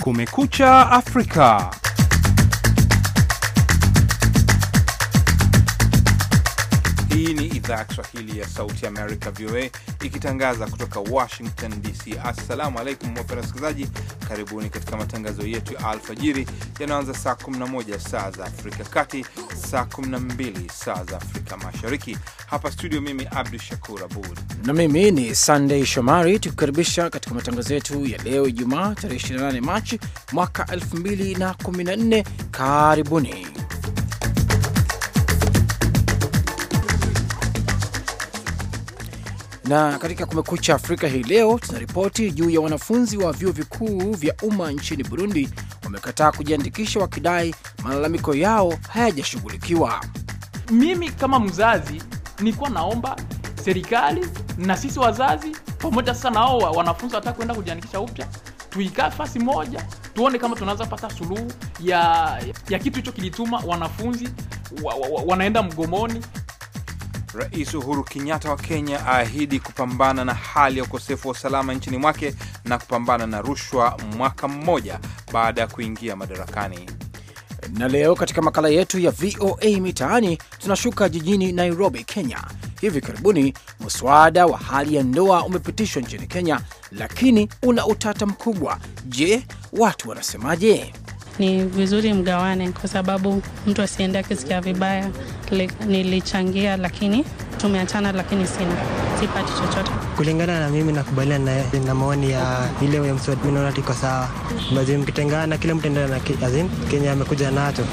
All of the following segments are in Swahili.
Kumekucha Afrika. Hii ni idhaa ya Kiswahili ya Sauti Amerika, VOA, ikitangaza kutoka Washington DC. Assalamu alaikum wapenda wasikilizaji, karibuni katika matangazo yetu ya alfajiri yanaanza saa 11 saa za Afrika kati, saa 12 saa za Afrika Mashariki. Hapa studio, mimi Abdu Shakur Abud na mimi ni Sandey Shomari, tukikaribisha katika matangazo yetu ya leo Ijumaa tarehe 28 Machi mwaka 2014. Karibuni. Na katika Kumekucha Afrika hii leo tunaripoti juu ya wanafunzi wa vyuo vikuu vya umma nchini Burundi wamekataa kujiandikisha wakidai malalamiko yao hayajashughulikiwa. Mimi kama mzazi nilikuwa naomba serikali na sisi wazazi pamoja sasa nao wanafunzi wataka kuenda kujiandikisha upya, tuikae fasi moja, tuone kama tunaweza pata suluhu ya, ya kitu hicho kilituma wanafunzi wa, wa, wa, wanaenda mgomoni Rais Uhuru Kenyatta wa Kenya aahidi kupambana na hali ya ukosefu wa usalama nchini mwake na kupambana na rushwa mwaka mmoja baada ya kuingia madarakani. Na leo katika makala yetu ya VOA Mitaani tunashuka jijini Nairobi, Kenya. Hivi karibuni mswada wa hali ya ndoa umepitishwa nchini Kenya, lakini una utata mkubwa. Je, watu wanasemaje? ni vizuri mgawane, kwa sababu mtu asiende akisikia vibaya. Nilichangia lakini tumeachana, lakini sina sipati chochote. Kulingana na mimi, nakubaliana na, na maoni ya ile ya mswati, naona tiko sawa. Mkitengana kila mtu endelea na azim Kenya amekuja nacho.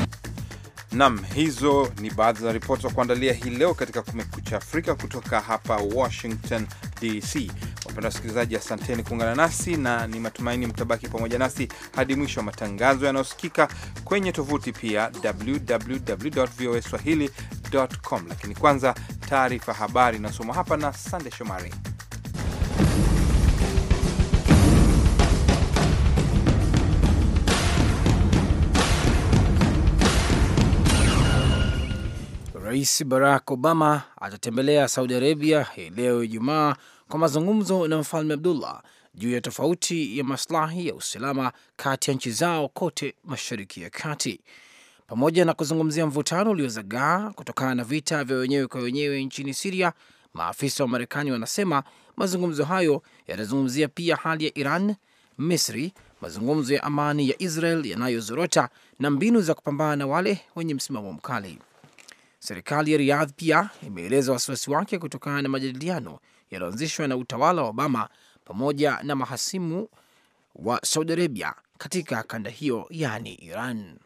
Nam, hizo ni baadhi za ripoti za kuandalia hii leo katika Kumekucha Afrika kutoka hapa Washington DC. Wapenda wasikilizaji, asanteni kuungana nasi na ni matumaini mtabaki pamoja nasi hadi mwisho wa matangazo yanayosikika kwenye tovuti pia www.voaswahili.com. Lakini kwanza taarifa habari inasomwa hapa na Sande Shomari. Rais Barack Obama atatembelea Saudi Arabia hii leo Ijumaa kwa mazungumzo na Mfalme Abdullah juu ya tofauti ya maslahi ya usalama kati ya nchi zao kote Mashariki ya Kati, pamoja na kuzungumzia mvutano uliozagaa kutokana na vita vya wenyewe kwa wenyewe nchini Siria. Maafisa wa Marekani wanasema mazungumzo hayo yatazungumzia pia hali ya Iran, Misri, mazungumzo ya amani ya Israel yanayozorota na mbinu za kupambana na wale wenye msimamo mkali. Serikali ya Riyadh pia imeeleza wasiwasi wake kutokana na majadiliano yaliyoanzishwa na utawala wa Obama pamoja na mahasimu wa Saudi Arabia katika kanda hiyo, yaani Iran.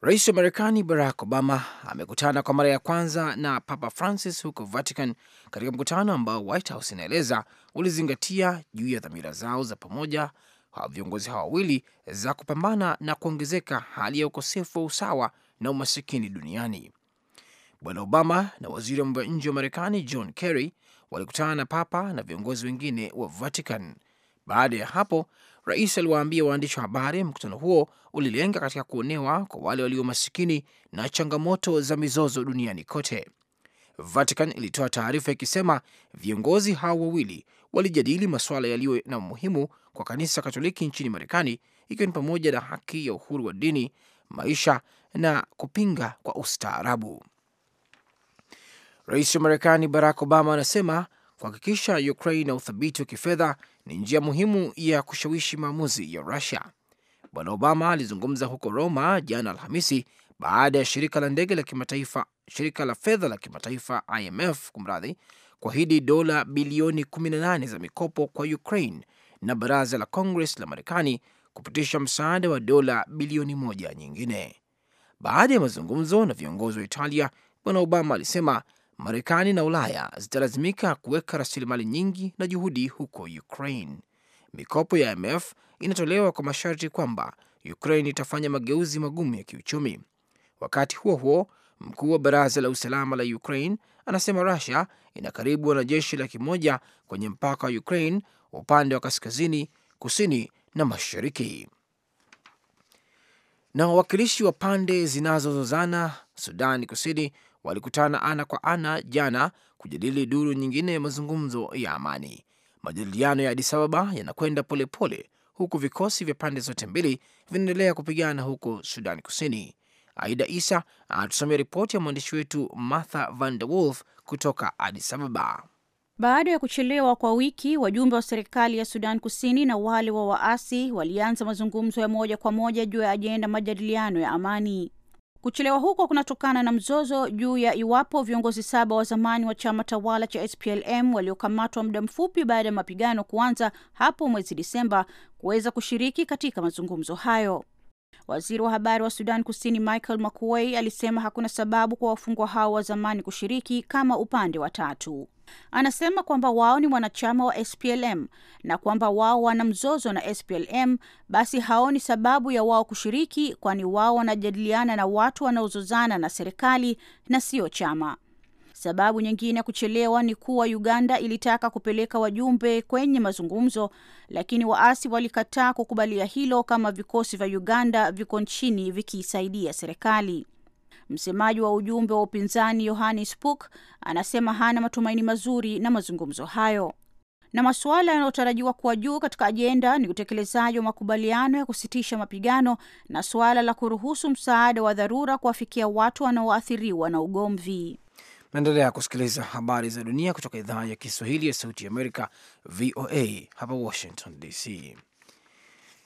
Rais wa Marekani Barack Obama amekutana kwa mara ya kwanza na Papa Francis huko Vatican, katika mkutano ambao White House inaeleza ulizingatia juu ya dhamira zao za pamoja kwa viongozi hawa wawili za kupambana na kuongezeka hali ya ukosefu wa usawa na umasikini duniani. Bwana Obama na waziri wa mambo ya nje wa Marekani John Kerry walikutana na Papa na viongozi wengine wa Vatican. Baada ya hapo, rais aliwaambia waandishi wa habari mkutano huo ulilenga katika kuonewa kwa wale walio masikini na changamoto za mizozo duniani kote. Vatican ilitoa taarifa ikisema viongozi hao wawili walijadili masuala yaliyo na umuhimu kwa kanisa Katoliki nchini Marekani, ikiwa ni pamoja na haki ya uhuru wa dini, maisha na kupinga kwa ustaarabu. Rais wa Marekani Barack Obama anasema kuhakikisha Ukraine na uthabiti wa kifedha ni njia muhimu ya kushawishi maamuzi ya Rusia. Bwana Obama alizungumza huko Roma jana Alhamisi baada ya shirika la ndege la kimataifa, shirika la fedha la kimataifa IMF kumradhi, kuahidi dola bilioni 18 za mikopo kwa Ukraine na baraza la Congress la Marekani kupitisha msaada wa dola bilioni moja nyingine. Baada ya mazungumzo na viongozi wa Italia, Bwana Obama alisema Marekani na Ulaya zitalazimika kuweka rasilimali nyingi na juhudi huko Ukraine. Mikopo ya IMF inatolewa kwa masharti kwamba Ukraine itafanya mageuzi magumu ya kiuchumi. Wakati huo huo, mkuu wa baraza la usalama la Ukraine anasema Rusia ina karibu wanajeshi laki moja kwenye mpaka wa Ukraine upande wa kaskazini, kusini na mashariki. Na wawakilishi wa pande zinazozozana Sudani Kusini walikutana ana kwa ana jana kujadili duru nyingine ya mazungumzo ya amani. Majadiliano ya Addis Ababa yanakwenda polepole huku vikosi vya pande zote mbili vinaendelea kupigana huko Sudan Kusini. Aida Isa anatusomea ripoti ya mwandishi wetu Martha Van de Wolf kutoka Addis Ababa. Baada ya kuchelewa kwa wiki, wajumbe wa serikali ya Sudan Kusini na wale wa waasi walianza mazungumzo ya moja kwa moja juu ya ajenda majadiliano ya amani. Kuchelewa huko kunatokana na mzozo juu ya iwapo viongozi saba wa zamani wa chama tawala cha SPLM waliokamatwa muda mfupi baada ya mapigano kuanza hapo mwezi Disemba kuweza kushiriki katika mazungumzo hayo. Waziri wa habari wa Sudan Kusini Michael Makuei alisema hakuna sababu kwa wafungwa hao wa zamani kushiriki kama upande wa tatu. Anasema kwamba wao ni wanachama wa SPLM na kwamba wao wana mzozo na SPLM, basi haoni sababu ya wao kushiriki, kwani wao wanajadiliana na watu wanaozozana na serikali na sio chama. Sababu nyingine ya kuchelewa ni kuwa Uganda ilitaka kupeleka wajumbe kwenye mazungumzo, lakini waasi walikataa kukubalia hilo kama vikosi vya Uganda viko nchini vikiisaidia serikali. Msemaji wa ujumbe wa upinzani Yohannes Puk anasema hana matumaini mazuri na mazungumzo hayo. Na masuala yanayotarajiwa kuwa juu katika ajenda ni utekelezaji wa makubaliano ya kusitisha mapigano na suala la kuruhusu msaada wa dharura kuwafikia watu wanaoathiriwa na ugomvi. Naendelea kusikiliza habari za dunia kutoka idhaa ya Kiswahili ya Sauti ya Amerika, VOA hapa Washington DC.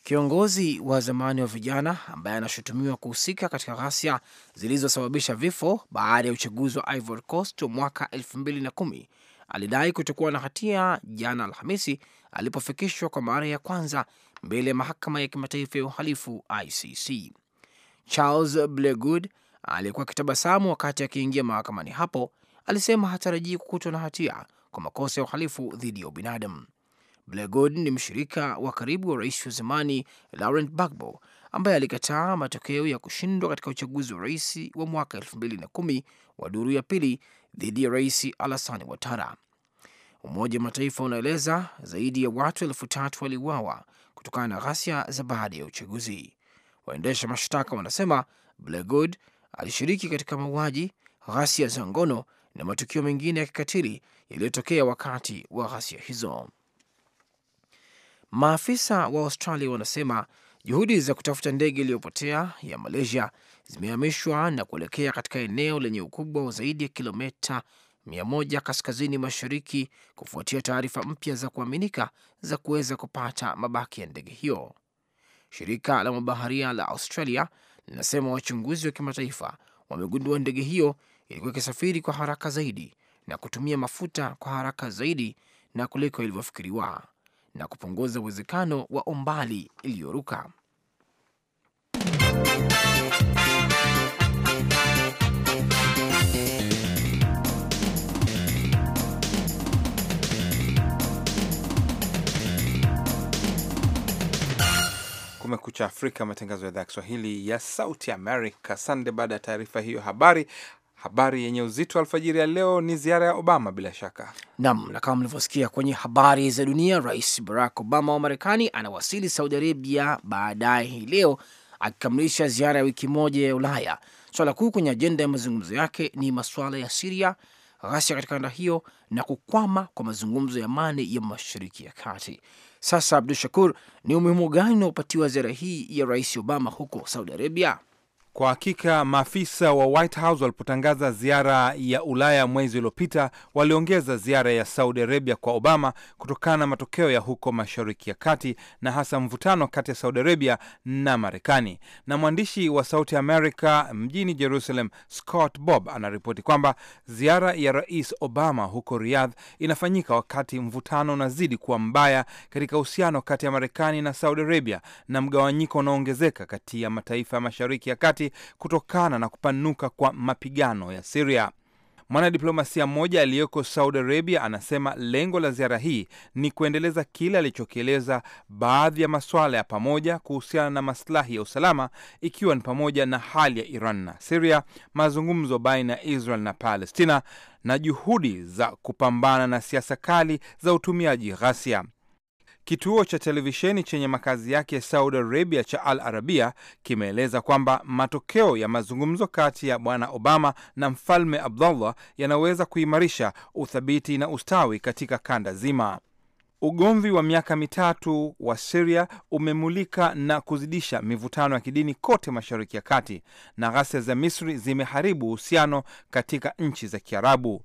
Kiongozi wa zamani wa vijana ambaye anashutumiwa kuhusika katika ghasia zilizosababisha vifo baada ya uchaguzi wa Ivory Coast wa mwaka kumi alidai kutokuwa na hatia jana Alhamisi alipofikishwa kwa mara ya kwanza mbele ya mahakama ya kimataifa ya uhalifu ICC. Charles Blegood aliyekuwa akitabasamu wakati akiingia mahakamani hapo alisema hatarajii kukutwa na hatia kwa makosa ya uhalifu dhidi ya ubinadamu. Blair ni mshirika wa karibu wa rais wa zamani Laurent bagbo ambaye alikataa matokeo ya kushindwa katika uchaguzi wa rais wa mwaka kumi wa duru ya pili dhidi ya rais Alassane Ouattara. Umoja wa Mataifa unaeleza zaidi ya watu elfu tatu waliuawa kutokana na ghasia za baada ya uchaguzi. Waendesha mashtaka wanasema Blair alishiriki katika mauaji, ghasia za ngono na matukio mengine ya kikatili yaliyotokea wakati wa ghasia hizo. Maafisa wa Australia wanasema juhudi za kutafuta ndege iliyopotea ya Malaysia zimehamishwa na kuelekea katika eneo lenye ukubwa wa zaidi ya kilomita 100 kaskazini mashariki kufuatia taarifa mpya za kuaminika za kuweza kupata mabaki ya ndege hiyo. Shirika la mabaharia la Australia linasema wachunguzi wa kimataifa wamegundua ndege hiyo ilikuwa ikisafiri kwa haraka zaidi na kutumia mafuta kwa haraka zaidi na kuliko ilivyofikiriwa na kupunguza uwezekano wa umbali iliyoruka. Kumekucha Afrika, matangazo ya idhaa ya Kiswahili ya Sauti Amerika. Sande. Baada ya taarifa hiyo, habari habari yenye uzito alfajiri ya leo ni ziara ya Obama bila shaka nam, na kama mlivyosikia kwenye habari za dunia, Rais Barack Obama wa Marekani anawasili Saudi Arabia baadaye hii leo akikamilisha ziara ya wiki moja ya Ulaya. Swala kuu kwenye ajenda ya mazungumzo yake ni masuala ya Siria, ghasia katika kanda hiyo na kukwama kwa mazungumzo ya amani ya Mashariki ya Kati. Sasa Abdu Shakur, ni umuhimu gani unaopatiwa ziara hii ya Rais Obama huko Saudi Arabia? Kwa hakika maafisa wa White House walipotangaza ziara ya Ulaya mwezi uliopita, waliongeza ziara ya Saudi Arabia kwa Obama kutokana na matokeo ya huko Mashariki ya Kati na hasa mvutano kati ya Saudi Arabia na Marekani. Na mwandishi wa Sauti America mjini Jerusalem, Scott Bob, anaripoti kwamba ziara ya Rais Obama huko Riyadh inafanyika wakati mvutano unazidi kuwa mbaya katika uhusiano kati ya Marekani na Saudi Arabia na mgawanyiko unaoongezeka kati ya mataifa ya Mashariki ya Kati kati kutokana na kupanuka kwa mapigano ya Siria. Mwanadiplomasia mmoja aliyeko Saudi Arabia anasema lengo la ziara hii ni kuendeleza kile alichokieleza baadhi ya masuala ya pamoja kuhusiana na maslahi ya usalama, ikiwa ni pamoja na hali ya Iran na Siria, mazungumzo baina ya Israel na Palestina na juhudi za kupambana na siasa kali za utumiaji ghasia. Kituo cha televisheni chenye makazi yake Saudi Arabia cha Al Arabia kimeeleza kwamba matokeo ya mazungumzo kati ya Bwana Obama na Mfalme Abdullah yanaweza kuimarisha uthabiti na ustawi katika kanda zima. Ugomvi wa miaka mitatu wa Siria umemulika na kuzidisha mivutano ya kidini kote Mashariki ya Kati, na ghasia za Misri zimeharibu uhusiano katika nchi za Kiarabu.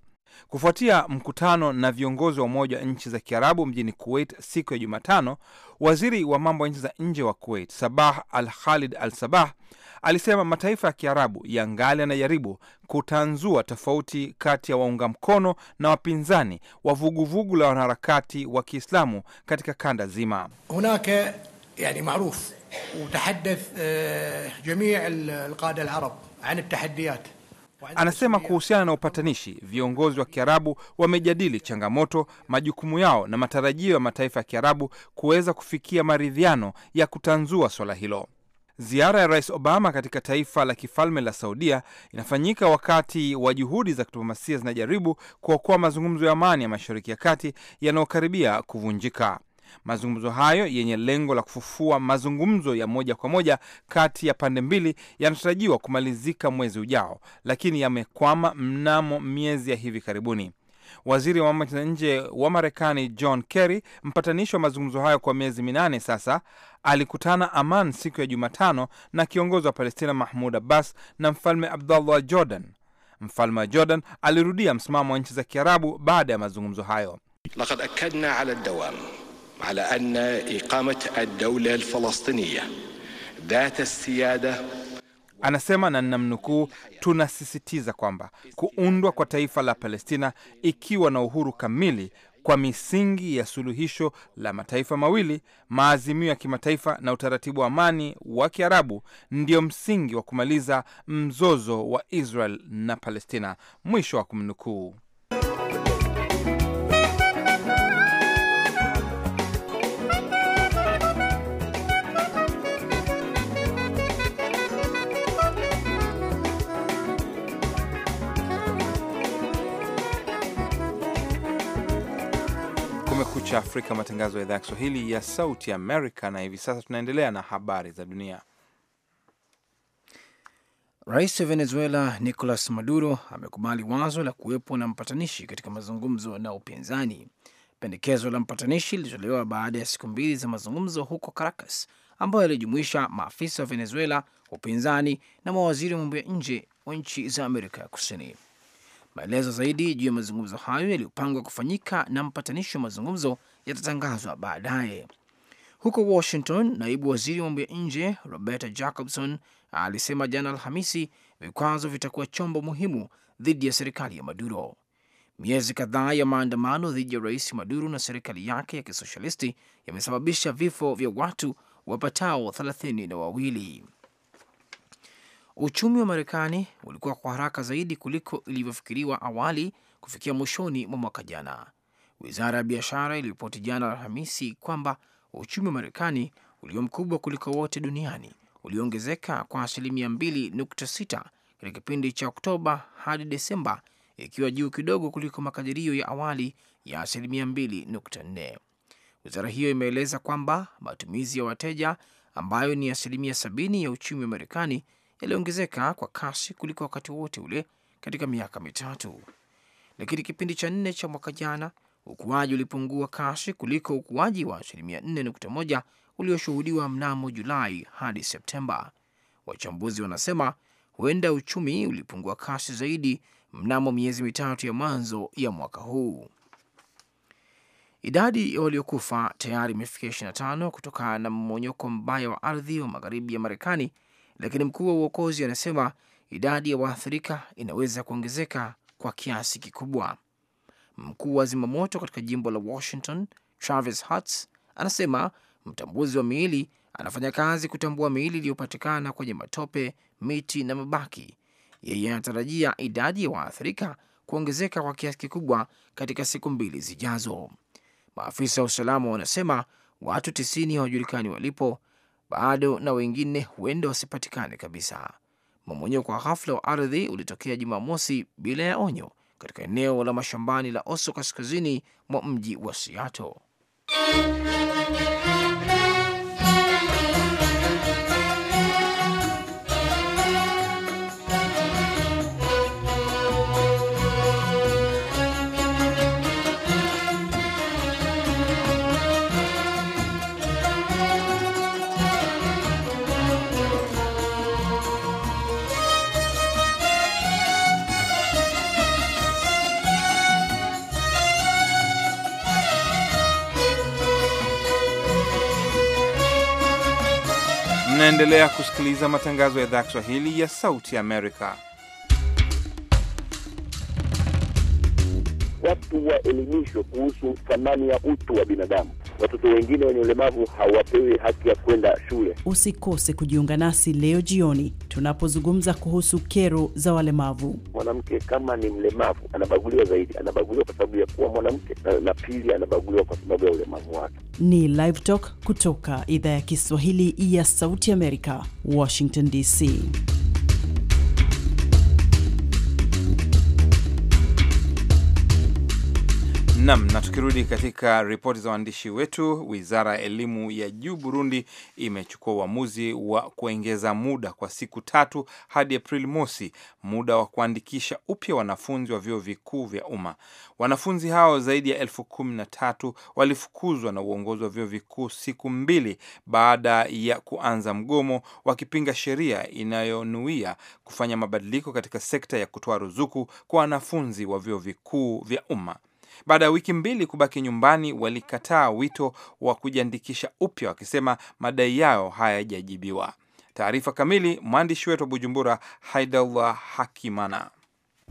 Kufuatia mkutano na viongozi wa Umoja wa Nchi za Kiarabu mjini Kuwait siku ya Jumatano, waziri wa mambo ya nchi za nje wa Kuwait, Sabah Al Khalid Al Sabah, alisema mataifa ya Kiarabu yangali yanajaribu kutanzua tofauti kati ya waunga mkono na wapinzani wa vuguvugu la wanaharakati wa Kiislamu katika kanda zima. hunaka yani maruf utahadath eh, jamii alqada alarab an altahadiyat Anasema kuhusiana na upatanishi, viongozi wa Kiarabu wamejadili changamoto, majukumu yao na matarajio ya mataifa ya Kiarabu kuweza kufikia maridhiano ya kutanzua swala hilo. Ziara ya Rais Obama katika taifa la kifalme la Saudia inafanyika wakati wa juhudi za kidiplomasia zinajaribu kuokoa mazungumzo ya amani ya Mashariki ya Kati yanayokaribia kuvunjika. Mazungumzo hayo yenye lengo la kufufua mazungumzo ya moja kwa moja kati ya pande mbili yanatarajiwa kumalizika mwezi ujao, lakini yamekwama mnamo miezi ya hivi karibuni. Waziri wa mambo ya nje wa Marekani John Kerry, mpatanishi wa mazungumzo hayo kwa miezi minane sasa, alikutana Aman siku ya Jumatano na kiongozi wa Palestina Mahmud Abbas na mfalme Abdullah wa Jordan. Mfalme wa Jordan alirudia msimamo wa nchi za Kiarabu baada ya mazungumzo hayo. lakad akadna ala dawam على أن إقامة الدولة الفلسطينية ذات السيادة Anasema na namnukuu, tunasisitiza kwamba kuundwa kwa taifa la Palestina ikiwa na uhuru kamili kwa misingi ya suluhisho la mataifa mawili, maazimio ya kimataifa na utaratibu wa amani wa Kiarabu ndio msingi wa kumaliza mzozo wa Israel na Palestina. Mwisho wa kumnukuu. Kumekucha Afrika, matangazo ya idhaa ya Kiswahili ya Sauti Amerika. Na hivi sasa tunaendelea na habari za dunia. Rais wa Venezuela Nicolas Maduro amekubali wazo la kuwepo na mpatanishi katika mazungumzo na upinzani. Pendekezo la mpatanishi lilitolewa baada ya siku mbili za mazungumzo huko Caracas ambayo yalijumuisha maafisa wa Venezuela, upinzani na mawaziri wa mambo ya nje wa nchi za Amerika ya Kusini. Maelezo zaidi juu ya mazungumzo hayo yaliyopangwa kufanyika na mpatanishi wa mazungumzo yatatangazwa baadaye. Huko Washington, naibu waziri wa mambo ya nje Roberta Jacobson alisema jana Alhamisi vikwazo vitakuwa chombo muhimu dhidi ya serikali ya Maduro. Miezi kadhaa ya maandamano dhidi ya rais Maduro na serikali yake ya kisoshalisti yamesababisha vifo vya watu wapatao thelathini na wawili. Uchumi wa Marekani ulikuwa kwa haraka zaidi kuliko ilivyofikiriwa awali kufikia mwishoni mwa mwaka jana. Wizara ya biashara iliripoti jana Alhamisi kwamba uchumi wa Marekani ulio mkubwa kuliko wote duniani uliongezeka kwa asilimia 2.6 katika kipindi cha Oktoba hadi Desemba, ikiwa juu kidogo kuliko makadirio ya awali ya asilimia 2.4. Wizara hiyo imeeleza kwamba matumizi ya wateja ambayo ni asilimia 70 ya uchumi wa Marekani yaliongezeka kwa kasi kuliko wakati wote ule katika miaka mitatu, lakini kipindi cha nne cha mwaka jana ukuaji ulipungua kasi kuliko ukuaji wa asilimia 4.1 ulioshuhudiwa mnamo Julai hadi Septemba. Wachambuzi wanasema huenda uchumi ulipungua kasi zaidi mnamo miezi mitatu ya mwanzo ya mwaka huu. Idadi ya waliokufa tayari imefikia 25 kutokana na mmonyoko mbaya wa ardhi wa magharibi ya Marekani lakini mkuu wa uokozi anasema idadi ya waathirika inaweza kuongezeka kwa kiasi kikubwa. Mkuu wa zimamoto katika jimbo la Washington, Travis Hutz, anasema mtambuzi wa miili anafanya kazi kutambua miili iliyopatikana kwenye matope, miti na mabaki. Yeye anatarajia idadi ya waathirika kuongezeka kwa kiasi kikubwa katika siku mbili zijazo. Maafisa wa usalama wanasema watu tisini hawajulikani walipo bado na wengine huenda wasipatikane kabisa. Mmomonyoko wa ghafla wa ardhi ulitokea Jumamosi bila ya onyo katika eneo la mashambani la Oso kaskazini mwa mji wa Seattle. Unaendelea kusikiliza matangazo ya idhaa ya Kiswahili ya Sauti Amerika. Watu waelimishwe kuhusu thamani ya utu wa binadamu watoto wengine wenye ulemavu hawapewi haki ya kwenda shule. Usikose kujiunga nasi leo jioni tunapozungumza kuhusu kero za walemavu. Mwanamke kama ni mlemavu anabaguliwa zaidi, anabaguliwa kwa sababu ya kuwa mwanamke na, na pili anabaguliwa kwa sababu ya ulemavu wake. Ni Live Talk kutoka idhaa ya Kiswahili ya Sauti Amerika, Washington DC. Nam, na tukirudi katika ripoti za waandishi wetu, wizara ya elimu ya juu Burundi imechukua uamuzi wa kuongeza muda kwa siku tatu hadi Aprili mosi, muda wa kuandikisha upya wanafunzi wa vyuo vikuu vya umma. Wanafunzi hao zaidi ya elfu kumi na tatu walifukuzwa na uongozi wa vyuo vikuu siku mbili baada ya kuanza mgomo, wakipinga sheria inayonuia kufanya mabadiliko katika sekta ya kutoa ruzuku kwa wanafunzi wa vyuo vikuu vya umma. Baada ya wiki mbili kubaki nyumbani, walikataa wito wa kujiandikisha upya, wakisema madai yao hayajajibiwa. Taarifa kamili, mwandishi wetu wa Bujumbura, Haidallah Hakimana.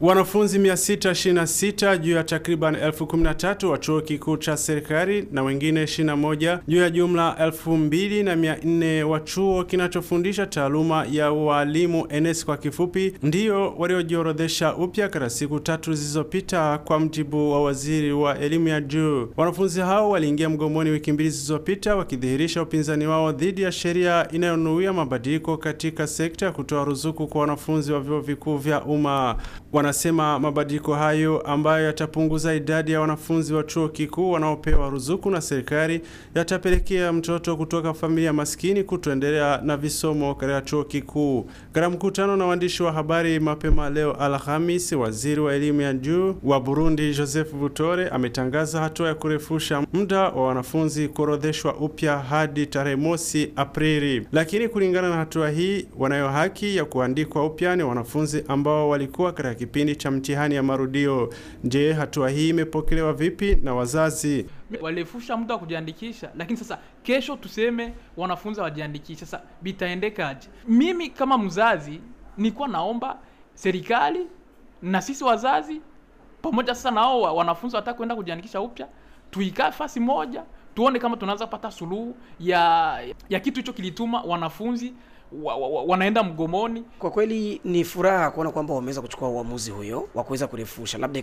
Wanafunzi 626 juu ya takriban elfu kumi na tatu wa chuo kikuu cha serikali na wengine 21 juu ya jumla elfu mbili na mia nne wa chuo kinachofundisha taaluma ya ualimu ns kwa kifupi, ndiyo waliojiorodhesha upya katika siku tatu zilizopita, kwa mjibu wa waziri wa elimu ya juu. Wanafunzi hao waliingia mgomoni wiki mbili zilizopita, wakidhihirisha upinzani wao dhidi ya sheria inayonuia mabadiliko katika sekta ya kutoa ruzuku kwa wanafunzi wa vyuo vikuu vya umma. Wanasema mabadiliko hayo ambayo yatapunguza idadi ya wanafunzi wa chuo kikuu wanaopewa ruzuku na serikali yatapelekea mtoto kutoka familia maskini kutoendelea na visomo katika chuo kikuu. Katika mkutano na waandishi wa habari mapema leo alhamis waziri wa elimu ya juu wa Burundi Joseph Butore ametangaza hatua ya kurefusha muda wa wanafunzi kuorodheshwa upya hadi tarehe mosi Aprili, lakini kulingana na hatua hii, wanayo haki ya kuandikwa upya ni wanafunzi ambao walikuwa katika kipindi cha mtihani ya marudio. Je, hatua hii imepokelewa vipi na wazazi? Walifusha muda wa kujiandikisha, lakini sasa kesho tuseme wanafunzi wajiandikisha, sasa bitaendekaje? Mimi kama mzazi nilikuwa naomba serikali na sisi wazazi pamoja sasa nao wanafunzi wataka kwenda kujiandikisha upya, tuikae fasi moja, tuone kama tunaweza pata suluhu ya ya kitu hicho kilituma wanafunzi wa, wa, wa, wanaenda mgomoni. Kwa kweli ni furaha kuona kwamba wameweza kuchukua uamuzi huyo wa kuweza kurefusha, labda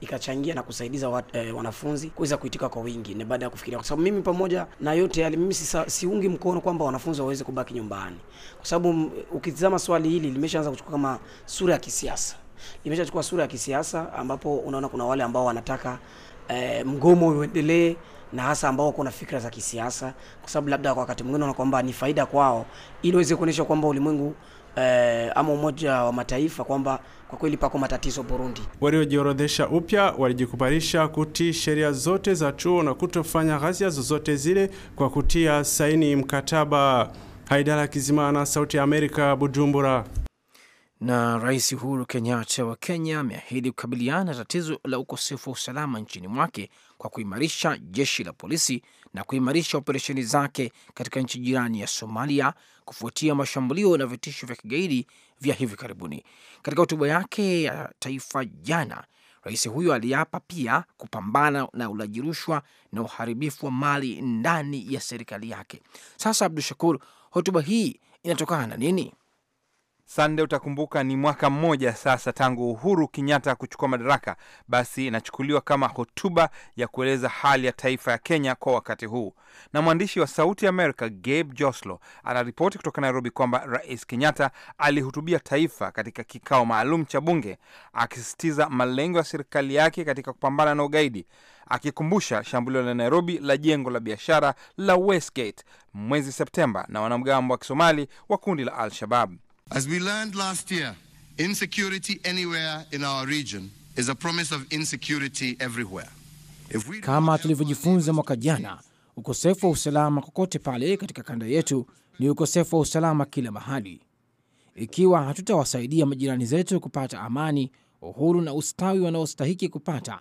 ikachangia na kusaidiza wa, eh, wanafunzi kuweza kuitika kwa wingi, ni baada ya kufikiria, kwa sababu mimi pamoja na yote yale, mimi siungi siungi mkono kwamba wanafunzi waweze kubaki nyumbani, kwa sababu mm, ukitizama swali hili limeshaanza kuchukua kama sura ya kisiasa, limeshachukua sura ya kisiasa ambapo unaona kuna wale ambao wanataka eh, mgomo uendelee na hasa ambao na fikra za kisiasa, kwa sababu labda kwa wakati mwingine kwamba ni faida kwao, ili waweze kuonesha kwamba ulimwengu eh, ama Umoja wa Mataifa kwamba kwa kweli pako matatizo Burundi. Waliojiorodhesha upya walijikubalisha kutii sheria zote za chuo na kutofanya ghasia zozote zile kwa kutia saini mkataba. Haidara Kizimana, Sauti ya Amerika, Bujumbura. Na Rais Uhuru Kenyatta wa Kenya ameahidi kukabiliana na tatizo la ukosefu wa usalama nchini mwake kwa kuimarisha jeshi la polisi na kuimarisha operesheni zake katika nchi jirani ya Somalia kufuatia mashambulio na vitisho vya kigaidi vya hivi karibuni. Katika hotuba yake ya taifa jana, rais huyo aliapa pia kupambana na ulaji rushwa na uharibifu wa mali ndani ya serikali yake. Sasa Abdu Shakur, hotuba hii inatokana na nini? Sande, utakumbuka ni mwaka mmoja sasa tangu Uhuru Kenyatta kuchukua madaraka. Basi inachukuliwa kama hotuba ya kueleza hali ya taifa ya Kenya kwa wakati huu, na mwandishi wa Sauti Amerika Gabe Joslo anaripoti kutoka Nairobi kwamba Rais Kenyatta alihutubia taifa katika kikao maalum cha bunge, akisisitiza malengo ya serikali yake katika kupambana na ugaidi, akikumbusha shambulio la Nairobi la jengo la biashara la Westgate mwezi Septemba na wanamgambo wa Kisomali wa kundi la Al-Shabab. As we learned last year, insecurity anywhere in our region is a promise of insecurity everywhere. If we... Kama tulivyojifunza mwaka jana, ukosefu wa usalama kokote pale katika kanda yetu ni ukosefu wa usalama kila mahali. Ikiwa hatutawasaidia majirani zetu kupata amani, uhuru na ustawi wanaostahiki kupata,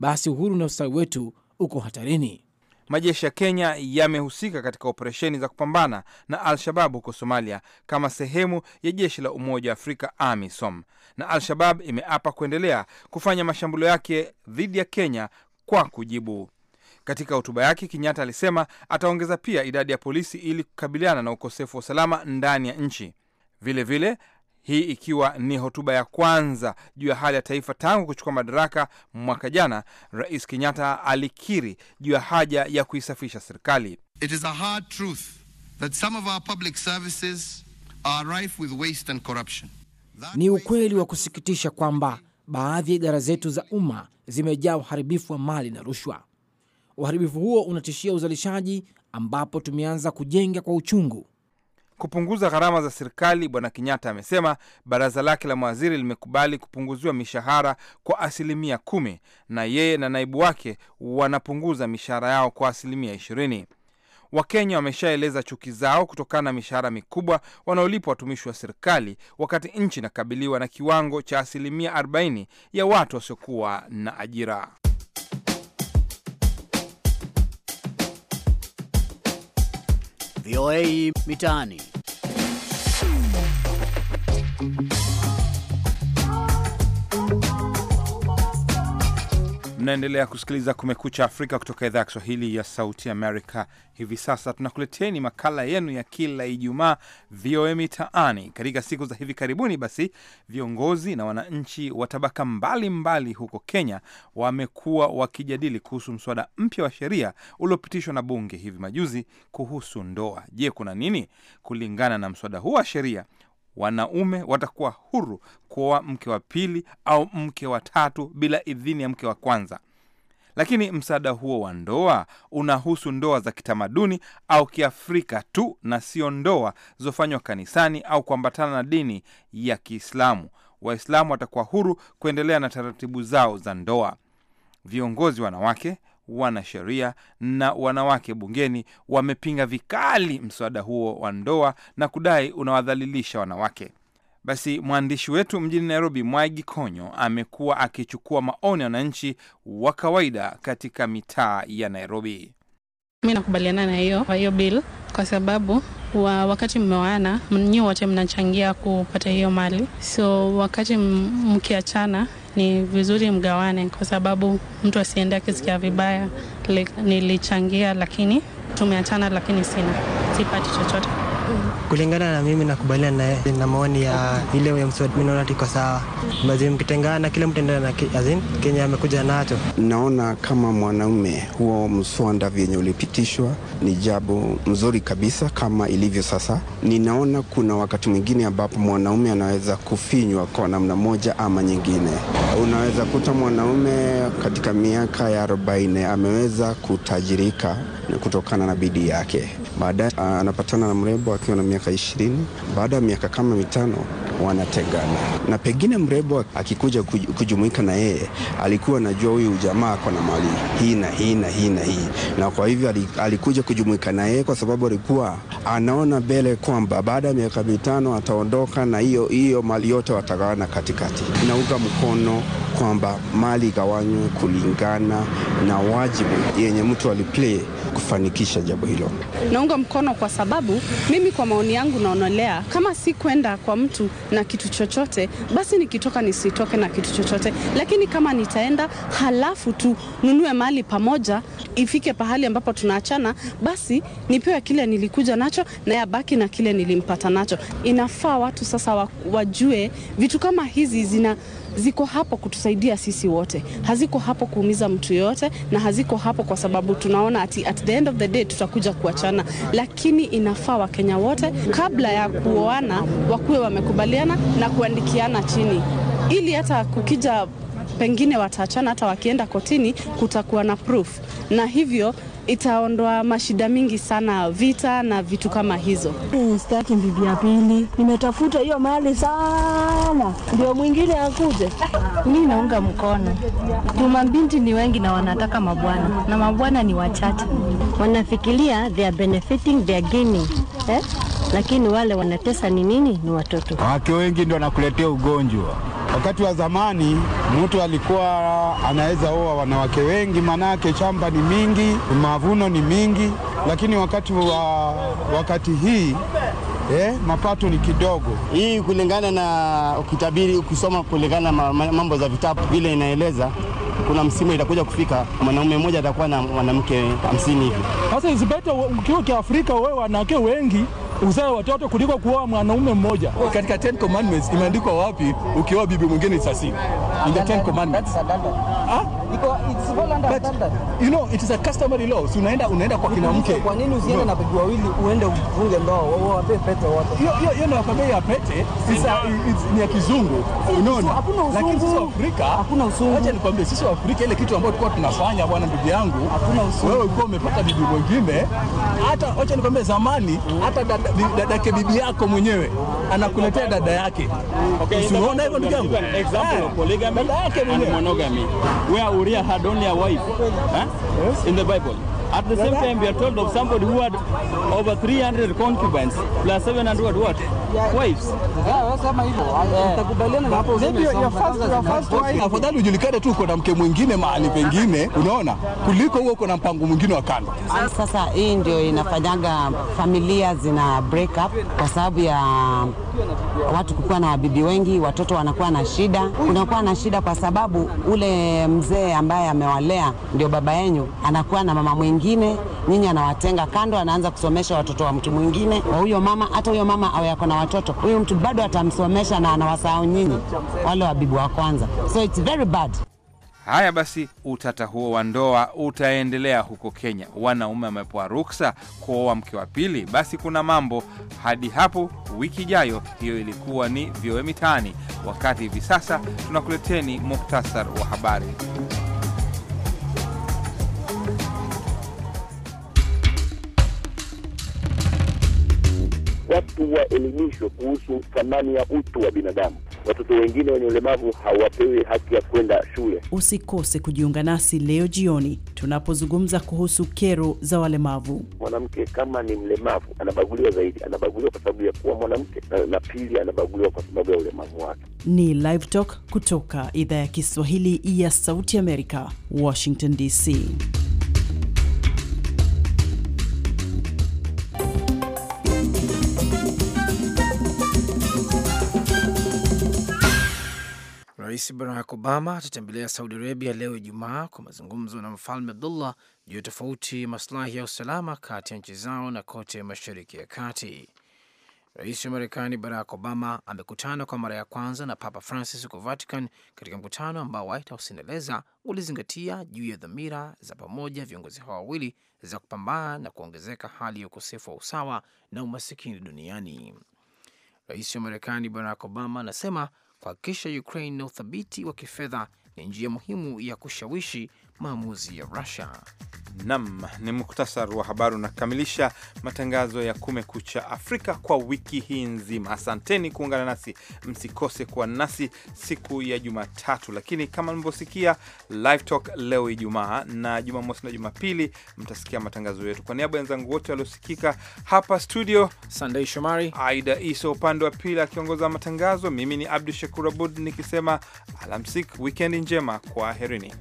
basi uhuru na ustawi wetu uko hatarini. Majeshi ya Kenya yamehusika katika operesheni za kupambana na Al-Shabab huko Somalia kama sehemu ya jeshi la Umoja wa Afrika AMISOM, na Al-Shabab imeapa kuendelea kufanya mashambulio yake dhidi ya Kenya kwa kujibu. Katika hotuba yake Kenyatta alisema ataongeza pia idadi ya polisi ili kukabiliana na ukosefu wa usalama ndani ya nchi. Vilevile hii ikiwa ni hotuba ya kwanza juu ya hali ya taifa tangu kuchukua madaraka mwaka jana. Rais Kenyatta alikiri juu ya haja ya kuisafisha serikali. It is a hard truth that some of our public services are rife with waste and corruption. Ni ukweli wa kusikitisha kwamba baadhi ya idara zetu za umma zimejaa uharibifu wa mali na rushwa. Uharibifu huo unatishia uzalishaji, ambapo tumeanza kujenga kwa uchungu kupunguza gharama za serikali. Bwana Kenyatta amesema baraza lake la mawaziri limekubali kupunguziwa mishahara kwa asilimia kumi na yeye na naibu wake wanapunguza mishahara yao kwa asilimia ishirini. Wakenya wameshaeleza chuki zao kutokana na mishahara mikubwa wanaolipwa watumishi wa serikali, wakati nchi inakabiliwa na kiwango cha asilimia 40 ya watu wasiokuwa na ajira. VOA Mitaani. Mnaendelea kusikiliza Kumekucha Afrika kutoka idhaa ya Kiswahili ya Sauti Amerika. Hivi sasa tunakuleteni makala yenu ya kila Ijumaa, VOA Mitaani. Katika siku za hivi karibuni, basi viongozi na wananchi wa tabaka mbalimbali huko Kenya wamekuwa wakijadili kuhusu mswada mpya wa sheria uliopitishwa na bunge hivi majuzi kuhusu ndoa. Je, kuna nini? Kulingana na mswada huu wa sheria wanaume watakuwa huru kuoa mke wa pili au mke wa tatu bila idhini ya mke wa kwanza. Lakini msaada huo wa ndoa unahusu ndoa za kitamaduni au kiafrika tu na sio ndoa zilizofanywa kanisani au kuambatana na dini ya Kiislamu. Waislamu watakuwa huru kuendelea na taratibu zao za ndoa. Viongozi wanawake wanasheria na wanawake bungeni wamepinga vikali mswada huo wa ndoa na kudai unawadhalilisha wanawake. Basi mwandishi wetu mjini Nairobi, Mwangi Konyo, amekuwa akichukua maoni ya wananchi wa kawaida katika mitaa ya Nairobi. Mi nakubaliana na hiyo hiyo bill kwa sababu wa wakati mmeoana nyie wote mnachangia kupata hiyo mali, so wakati mkiachana ni vizuri mgawane, kwa sababu mtu asiende akisikia vibaya, nilichangia lakini tumeachana, lakini sina sipati chochote. Kulingana na mimi nakubaliana naye na maoni ya ile ya mswada, mimi naona tiko sawa, basi mkitengana, kila mtu endelea na azin Kenya amekuja nacho. Naona kama mwanaume huo mswada vyenye ulipitishwa ni jambo mzuri kabisa kama ilivyo sasa. Ninaona kuna wakati mwingine ambapo mwanaume anaweza kufinywa kwa namna moja ama nyingine. Unaweza kuta mwanaume katika miaka ya arobaini ameweza kutajirika kutokana na bidii yake, baadaye ah, anapatana na mrembo akiwa na miaka miaka ishirini, baada ya miaka kama mitano wanatengana, na pengine mrebo akikuja kujumuika na yeye alikuwa anajua huyu jamaa ako na mali hii na hii na hii na hii, na kwa hivyo alikuja kujumuika na yeye kwa sababu alikuwa anaona mbele kwamba baada ya miaka mitano ataondoka na hiyo hiyo mali yote watagawana katikati. Naunga mkono kwamba mali igawanywe kulingana na wajibu yenye mtu aliplay kufanikisha jambo hilo. Naunga mkono kwa sababu mimi kwa maoni yangu naonelea kama si kwenda kwa mtu na kitu chochote, basi nikitoka nisitoke na kitu chochote, lakini kama nitaenda halafu tununue mali pamoja, ifike pahali ambapo tunaachana, basi nipewe kile nilikuja nacho na yabaki na kile nilimpata nacho. Inafaa watu sasa wajue vitu kama hizi zina ziko hapo kutusaidia sisi wote, haziko hapo kuumiza mtu yoyote, na haziko hapo kwa sababu tunaona ati at the end of the day tutakuja kuachana. Lakini inafaa Wakenya wote kabla ya kuoana wakuwe wamekubaliana na kuandikiana chini, ili hata kukija pengine wataachana, hata wakienda kotini kutakuwa na proof, na hivyo itaondoa mashida mingi sana, vita na vitu kama hizo. Hmm, sitaki bibi ya pili, nimetafuta hiyo mali sana, ndio mwingine akuje. Mi naunga mkono tuma, binti ni wengi na wanataka mabwana, na mabwana ni wachache, wanafikiria they are benefiting, they are gaining eh? Lakini wale wanatesa ni nini? Ni watoto wake wengi ndio wanakuletea ugonjwa. Wakati wa zamani mtu alikuwa anaweza oa wanawake wengi, manake shamba ni mingi, mavuno ni mingi, lakini wakati wa wakati hii eh, mapato ni kidogo. Hii kulingana na ukitabiri, ukisoma kulingana na mambo za vitabu vile inaeleza kuna msimu itakuja kufika mwanaume mmoja atakuwa na mwanamke hamsini hivi. Sasa isibeta ukiwa Kiafrika wewe wanawake wengi uzaa watoto kuliko kuoa mwanaume mmoja. Katika Ten Commandments imeandikwa wapi ukioa bibi mwingine ni sasi? In the Ten Commandments. Ah? But, you know, it is a customary law. So unaenda unaenda kwa kina mke. Kwa nini usiende na bibi wawili uende ufunge ndoa wape pete wote? Hiyo hiyo hiyo ndio kwambia ya pete. Sasa ni ya kizungu. Unaona? Hakuna Lakini sisi Afrika hakuna usungu. Acha nikwambie sisi wa Afrika ile kitu ambayo tulikuwa tunafanya bwana ndugu yangu. Hakuna usungu. Wewe ulikuwa umepata bibi mwingine. Hata acha nikwambie zamani hata dada yake bibi yako mwenyewe anakuletea dada yake. Okay, unaona hivyo ndugu yangu? Example eh, Dada yake mwenyewe. monogamy. Where Uriah had only a wife yes. in the Bible. At the same time, we are told of somebody who had over 300 concubines plus 700 what? Afadhali ujulikane tu uko na mke mwingine mahali pengine, unaona? Kuliko huo uko na mpango mwingine wa kando. Sasa hii ndio inafanyaga familia zina break up kwa sababu ya watu kukuwa na wabibi wengi, watoto wanakuwa na shida. Unakuwa na shida kwa sababu ule mzee ambaye amewalea ndio baba yenyu anakuwa na mama mwingine nyinyi anawatenga kando, anaanza kusomesha watoto wa mtu mwingine wa huyo mama. Hata huyo mama awe ako na watoto, huyu mtu bado atamsomesha na anawasahau nyinyi, wale wabibu wa kwanza. So it's very bad. Haya basi, utata huo wa ndoa utaendelea huko Kenya. Wanaume wamepewa ruksa kuoa mke wa pili. Basi kuna mambo hadi hapo wiki ijayo. Hiyo ilikuwa ni vyowe mitaani, wakati hivi sasa tunakuleteni muktasar wa habari. watu waelimishwe kuhusu thamani ya utu wa binadamu. Watoto wengine wenye ulemavu hawapewi haki ya kwenda shule. Usikose kujiunga nasi leo jioni tunapozungumza kuhusu kero za walemavu. Mwanamke kama ni mlemavu anabaguliwa zaidi, anabaguliwa kwa sababu ya kuwa mwanamke na, na pili anabaguliwa kwa sababu ya ulemavu wake. Ni Live Talk kutoka idhaa ya Kiswahili ya Sauti Amerika, Washington DC. Rais Barack Obama atatembelea Saudi Arabia leo Ijumaa kwa mazungumzo na Mfalme Abdullah juu ya tofauti maslahi ya usalama kati ya nchi zao na kote Mashariki ya Kati. Rais wa Marekani Barack Obama amekutana kwa mara ya kwanza na Papa Francis huko Vatican katika mkutano ambao White House inaeleza ulizingatia juu ya dhamira za pamoja viongozi hao wawili za kupambana na kuongezeka hali ya ukosefu wa usawa na umasikini duniani. Rais wa Marekani Barack Obama anasema kuhakikisha Ukraine na uthabiti wa kifedha ni njia muhimu ya kushawishi maamuzi ya Rusia. Nam ni muktasar wa habari unakamilisha matangazo ya Kumekucha Afrika kwa wiki hii nzima. Asanteni kuungana nasi, msikose kuwa nasi siku ya Jumatatu, lakini kama mlivyosikia live talk leo Ijumaa na Jumamosi na Jumapili mtasikia matangazo yetu. Kwa niaba ya wenzangu wote waliosikika hapa studio, Sandei Shomari, Aida Isa upande wa pili akiongoza matangazo, mimi ni Abdu Shakur Abud nikisema alamsik, wikendi njema, kwaherini.